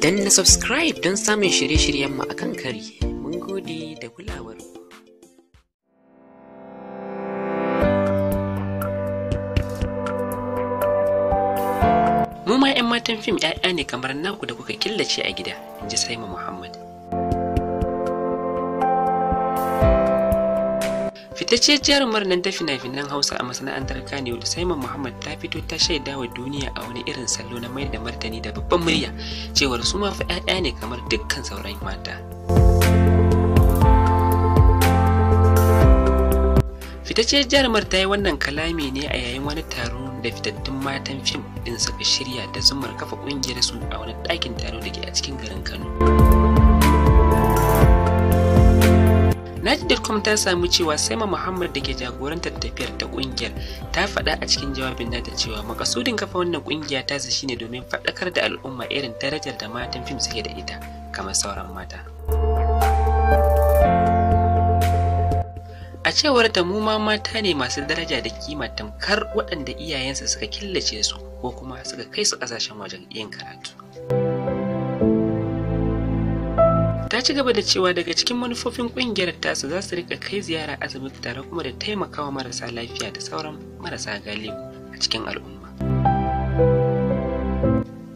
Dan na subscribe don samun shirye-shiryenmu a kan kari. Mun gode da kulawar Mu ma 'yan matan fim 'ya'ya ne kamar naku da kuka killace a gida, in ji Saima Muhammad. jarumar murnan ta fina-finan hausa a masana'antar kano da simon muhammad ta fito ta shaida wa duniya a wani irin sallo na mai da martani da babban murya cewar su mafi 'ya'ya ne kamar dukkan sauran mata fitacciyar jarumar ta yi wannan kalami ne a yayin wani taro da fitattun matan fim din suka shirya da zumar kafa kungiyar su a wani ɗakin taro da ke a cikin garin kano Reddit.com ta samu cewa Saima Muhammad da ke jagorantar tafiyar ta kungiyar ta faɗa a cikin jawabin nata cewa makasudin kafa wannan kungiya ta su ne domin faɗakar da al'umma irin darajar da matan fim suke da ita kamar sauran mata. A cewar ta mu ma mata ne masu daraja da kima tamkar waɗanda iyayensa suka killace su ko kuma suka kai su ƙasashen wajen yin karatu. ta ci gaba da cewa daga cikin manufofin kungiyar tasu za su rika kai ziyara asibiti tare kuma da taimakawa marasa lafiya da sauran marasa galibu a cikin al'umma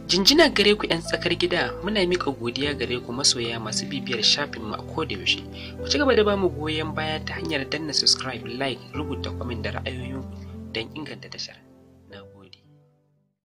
jinjina gare ku 'yan tsakar gida muna mika godiya gare ku masoya masu bibiyar shafin mu a yaushe, ku ci gaba da bamu goyon baya ta hanyar danna subscribe like rubuta kwamin da ra'ayoyin don inganta tashar